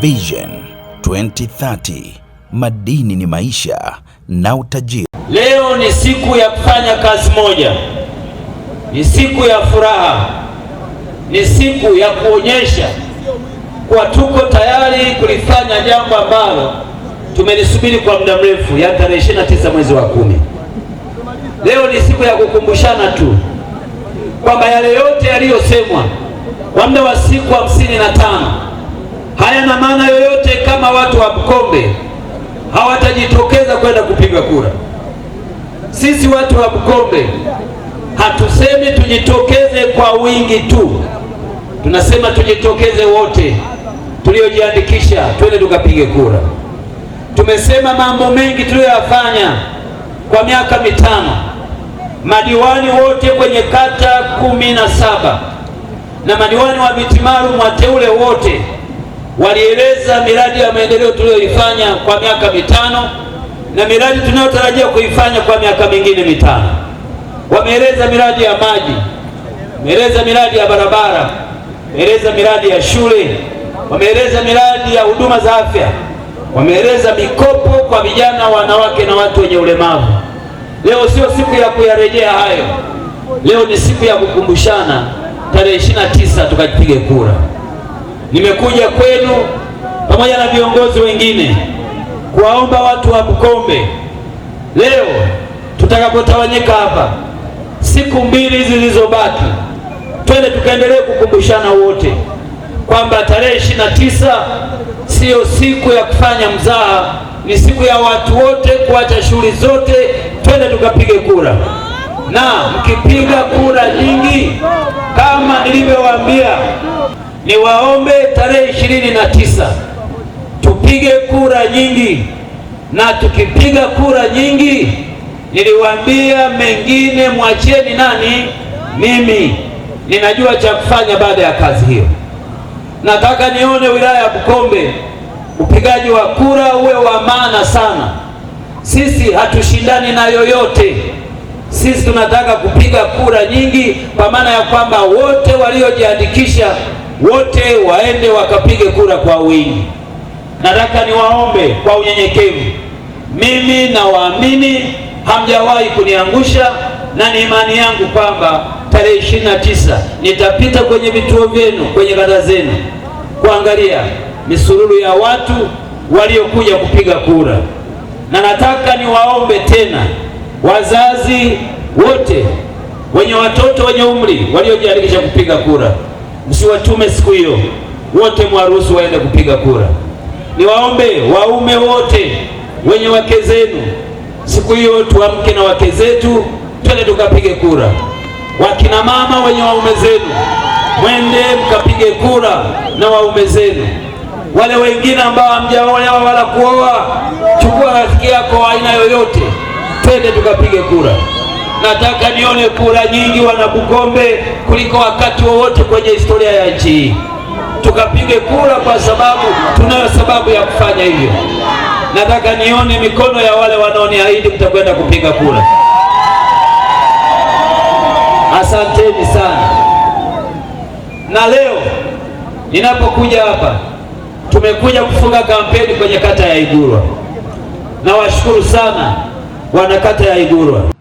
Vision 2030 madini ni maisha na utajiri. Leo ni siku ya kufanya kazi moja, ni siku ya furaha, ni siku ya kuonyesha kuwa tuko tayari kulifanya jambo ambalo tumelisubiri kwa muda mrefu, ya tarehe 29 mwezi wa kumi. Leo ni siku ya kukumbushana tu kwamba yale yote yaliyosemwa kwa muda wa siku hamsini na tano hayana maana yoyote kama watu wa Bukombe hawatajitokeza kwenda kupiga kura. Sisi watu wa Bukombe hatusemi tujitokeze kwa wingi tu, tunasema tujitokeze wote tuliojiandikisha, twende tukapige kura. Tumesema mambo mengi tuliyoyafanya kwa miaka mitano, madiwani wote kwenye kata kumi na saba na madiwani wa viti maalum wateule wote walieleza miradi ya maendeleo tuliyoifanya kwa miaka mitano na miradi tunayotarajia kuifanya kwa miaka mingine mitano. Wameeleza miradi ya maji, wameeleza miradi ya barabara, wameeleza miradi ya shule, wameeleza miradi ya huduma za afya, wameeleza mikopo kwa vijana, wanawake na watu wenye ulemavu. Leo sio siku ya kuyarejea hayo, leo ni siku ya kukumbushana, tarehe 29 tukajipige kura nimekuja kwenu pamoja na viongozi wengine kuwaomba watu wa Bukombe, leo tutakapotawanyika hapa, siku mbili hizi zilizobaki, twende tukaendelee kukumbushana wote kwamba tarehe ishirini na tisa siyo siku ya kufanya mzaha, ni siku ya watu wote kuacha shughuli zote, twende tukapige kura, na mkipiga kura nyingi kama nilivyowaambia niwaombe tarehe ishirini na tisa tupige kura nyingi, na tukipiga kura nyingi, niliwaambia mengine mwachieni nani, mimi ninajua cha kufanya baada ya kazi hiyo. Nataka nione wilaya ya Bukombe upigaji wa kura uwe wa maana sana. Sisi hatushindani na yoyote, sisi tunataka kupiga kura nyingi, kwa maana ya kwamba wote waliojiandikisha wote waende wakapige kura kwa wingi. Nataka niwaombe kwa unyenyekevu, mimi nawaamini, hamjawahi kuniangusha na ni imani yangu kwamba tarehe ishirini na tisa nitapita kwenye vituo vyenu, kwenye kata zenu kuangalia misururu ya watu waliokuja kupiga kura, na nataka niwaombe tena wazazi wote wenye watoto wenye umri waliojiandikisha kupiga kura msiwatume siku hiyo, wote mwaruhusu waende kupiga kura. Niwaombe waume wote wenye wake zenu siku hiyo, tuamke na wake zetu, twende tukapige kura. Wakina mama wenye waume zenu, mwende mkapige kura na waume zenu. Wale wengine ambao hamjaolewa wala kuoa, chukua rafiki yako aina yoyote, twende tukapige kura nataka nione kura nyingi wanabukombe kuliko wakati wowote kwenye historia ya nchi hii. Tukapige kura kwa sababu tunayo sababu ya kufanya hivyo. Nataka nione mikono ya wale wanaoniahidi mtakwenda kupiga kura. Asanteni sana. Na leo ninapokuja hapa, tumekuja kufunga kampeni kwenye kata ya Igurwa. Nawashukuru sana wanakata ya Igurwa.